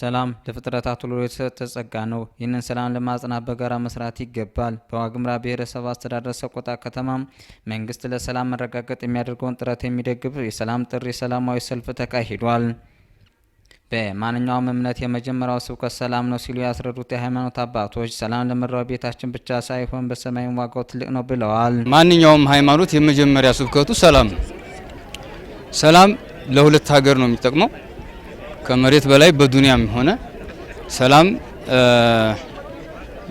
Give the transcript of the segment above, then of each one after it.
ሰላም ለፍጥረታት ሁሉ የተሰጠ ጸጋ ነው። ይህንን ሰላም ለማጽናት በጋራ መስራት ይገባል። በዋግምራ ብሔረሰብ አስተዳደር ሰቆጣ ከተማ መንግስት ለሰላም መረጋገጥ የሚያደርገውን ጥረት የሚደግፍ የሰላም ጥሪ ሰላማዊ ሰልፍ ተካሂዷል። በማንኛውም እምነት የመጀመሪያው ስብከት ሰላም ነው ሲሉ ያስረዱት የሃይማኖት አባቶች ሰላም ለመራው ቤታችን ብቻ ሳይሆን በሰማይም ዋጋው ትልቅ ነው ብለዋል። ማንኛውም ሃይማኖት የመጀመሪያ ስብከቱ ሰላም ነው። ሰላም ለሁለት ሀገር ነው የሚጠቅመው ከመሬት በላይ በዱንያም ሆነ ሰላም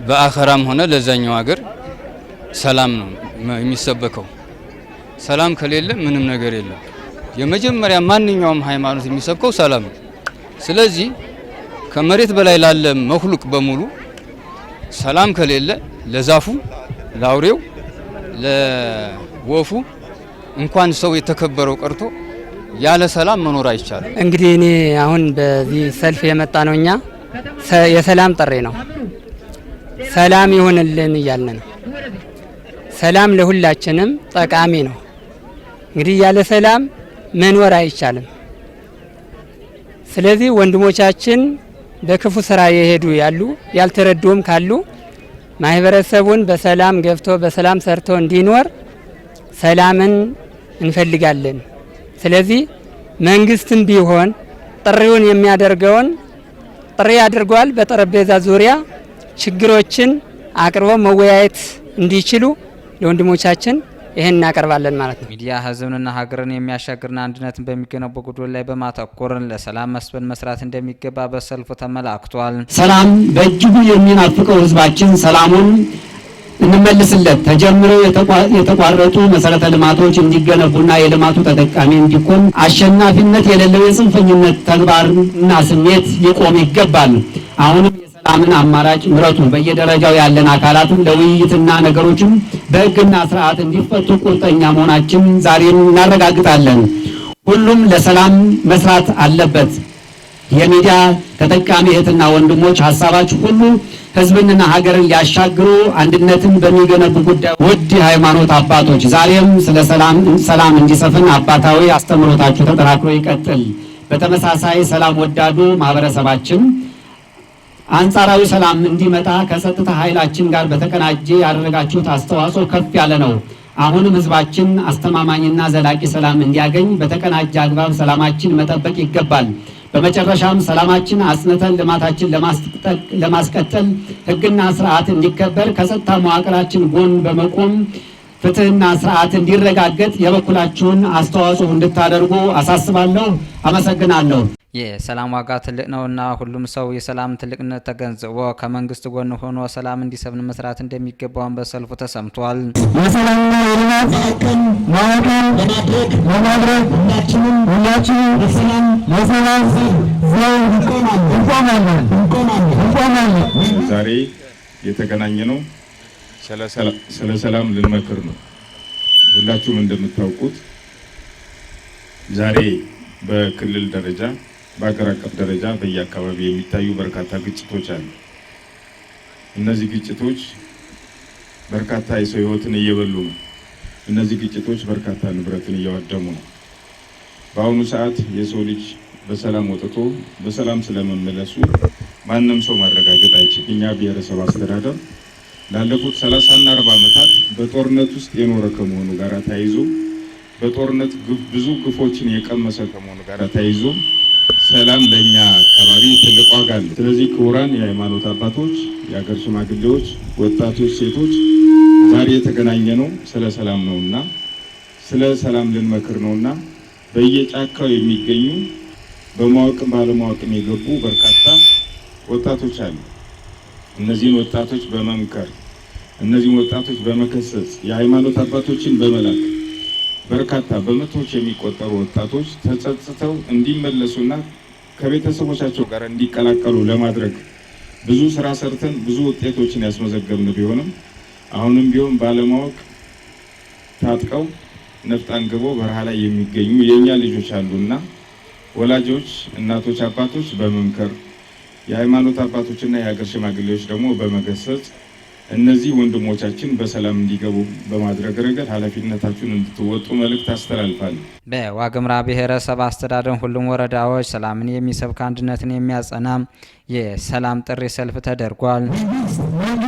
በአኸራም ሆነ ለዛኛው ሀገር ሰላም ነው የሚሰበከው። ሰላም ከሌለ ምንም ነገር የለም። የመጀመሪያ ማንኛውም ሃይማኖት የሚሰብከው ሰላም ነው። ስለዚህ ከመሬት በላይ ላለ መክሉቅ በሙሉ ሰላም ከሌለ ለዛፉ፣ ለአውሬው፣ ለወፉ እንኳን ሰው የተከበረው ቀርቶ ያለ ሰላም መኖር አይቻልም። እንግዲህ እኔ አሁን በዚህ ሰልፍ የመጣ ነው እኛ የሰላም ጥሪ ነው። ሰላም ይሁንልን እያልን ነው። ሰላም ለሁላችንም ጠቃሚ ነው። እንግዲህ ያለ ሰላም መኖር አይቻልም። ስለዚህ ወንድሞቻችን በክፉ ስራ የሄዱ ያሉ ያልተረዱም ካሉ ማህበረሰቡን በሰላም ገብቶ በሰላም ሰርቶ እንዲኖር ሰላምን እንፈልጋለን። ስለዚህ መንግስትም ቢሆን ጥሪውን የሚያደርገውን ጥሪ አድርጓል። በጠረጴዛ ዙሪያ ችግሮችን አቅርቦ መወያየት እንዲችሉ ለወንድሞቻችን ይህን እናቀርባለን ማለት ነው። ሚዲያ ህዝብንና ሀገርን የሚያሻግርና አንድነትን በሚገነቡ ጉዳዮች ላይ በማተኮርን ለሰላም መስበን መስራት እንደሚገባ በሰልፉ ተመላክቷል። ሰላም በእጅጉ የሚናፍቀው ህዝባችን ሰላሙን እንመልስለት። ተጀምረው የተቋረጡ መሰረተ ልማቶች እንዲገነቡና የልማቱ ተጠቃሚ እንዲኮን አሸናፊነት የሌለው የጽንፈኝነት ተግባርና ስሜት ሊቆም ይገባል። አሁንም የሰላምን አማራጭ ምረቱ። በየደረጃው ያለን አካላትም ለውይይትና ነገሮችም በህግና ስርዓት እንዲፈቱ ቁርጠኛ መሆናችን ዛሬ እናረጋግጣለን። ሁሉም ለሰላም መስራት አለበት። የሚዲያ ተጠቃሚ እህትና ወንድሞች ሀሳባችሁ ሁሉ ህዝብንና ሀገርን ሊያሻግሩ አንድነትን በሚገነቡ ጉዳይ ውድ የሃይማኖት አባቶች ዛሬም ስለ ሰላም እንዲሰፍን አባታዊ አስተምህሮታችሁ ተጠናክሮ ይቀጥል። በተመሳሳይ ሰላም ወዳዱ ማህበረሰባችን አንጻራዊ ሰላም እንዲመጣ ከጸጥታ ኃይላችን ጋር በተቀናጀ ያደረጋችሁት አስተዋጽኦ ከፍ ያለ ነው። አሁንም ህዝባችን አስተማማኝና ዘላቂ ሰላም እንዲያገኝ በተቀናጀ አግባብ ሰላማችን መጠበቅ ይገባል። በመጨረሻም ሰላማችን አስነተን ልማታችን ለማስቀጠል ህግና ስርዓት እንዲከበር ከጸጥታ መዋቅራችን ጎን በመቆም ፍትህና ስርዓት እንዲረጋገጥ የበኩላችሁን አስተዋጽኦ እንድታደርጉ አሳስባለሁ። አመሰግናለሁ። የሰላም ዋጋ ትልቅ ነውና ሁሉም ሰው የሰላም ትልቅነት ተገንዝቦ ከመንግስት ጎን ሆኖ ሰላም እንዲሰብን መስራት እንደሚገባውን በሰልፉ ተሰምቷል። የሰላምና የልማት ማዕከል ማዕከል ለማድረግ ለማድረግ ሁላችንም ሁላችንም የሰላም የሰላም ዘው እንቆማለን እንቆማለን እንቆማለን። ዛሬ የተገናኘ ነው ስለ ሰላም ልንመክር ነው። ሁላችሁም እንደምታውቁት ዛሬ በክልል ደረጃ በአገር አቀፍ ደረጃ በየአካባቢ የሚታዩ በርካታ ግጭቶች አሉ። እነዚህ ግጭቶች በርካታ የሰው ሕይወትን እየበሉ ነው። እነዚህ ግጭቶች በርካታ ንብረትን እያወደሙ ነው። በአሁኑ ሰዓት የሰው ልጅ በሰላም ወጥቶ በሰላም ስለመመለሱ ማንም ሰው ማረጋገጥ አይችል። እኛ ብሔረሰብ አስተዳደር ላለፉት ሰላሳና አርባ ዓመታት በጦርነት ውስጥ የኖረ ከመሆኑ ጋር ተያይዞ በጦርነት ብዙ ግፎችን የቀመሰ ከመሆኑ ጋር ተያይዞ ሰላም ለእኛ አካባቢ ትልቅ ዋጋ አለ። ስለዚህ ክቡራን የሃይማኖት አባቶች፣ የሀገር ሽማግሌዎች፣ ወጣቶች፣ ሴቶች ዛሬ የተገናኘ ነው ስለ ሰላም ነውና ስለ ሰላም ልንመክር ነውና በየጫካው የሚገኙ በማወቅም ባለማወቅም የገቡ በርካታ ወጣቶች አሉ። እነዚህን ወጣቶች በመምከር እነዚህን ወጣቶች በመከሰስ የሃይማኖት አባቶችን በመላክ በርካታ በመቶዎች የሚቆጠሩ ወጣቶች ተጸጽተው እንዲመለሱና ከቤተሰቦቻቸው ጋር እንዲቀላቀሉ ለማድረግ ብዙ ስራ ሰርተን ብዙ ውጤቶችን ያስመዘገብን ቢሆንም አሁንም ቢሆን ባለማወቅ ታጥቀው ነፍጥ አንግበው በረሃ ላይ የሚገኙ የእኛ ልጆች አሉና ወላጆች፣ እናቶች፣ አባቶች በመምከር የሃይማኖት አባቶችና የሀገር ሽማግሌዎች ደግሞ በመገሰጽ እነዚህ ወንድሞቻችን በሰላም እንዲገቡ በማድረግ ረገድ ኃላፊነታችሁን እንድትወጡ መልእክት አስተላልፋለሁ። በዋግምራ ብሔረሰብ አስተዳደር ሁሉም ወረዳዎች ሰላምን የሚሰብክ አንድነትን የሚያጸና የሰላም ጥሪ ሰልፍ ተደርጓል። ሰዎችን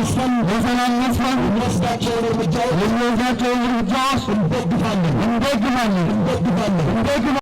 መልሰን በሰላም መስፈን የሚወስዳቸውን እርምጃዎች እንደግፋለን እንደግፋለን እንደግፋለን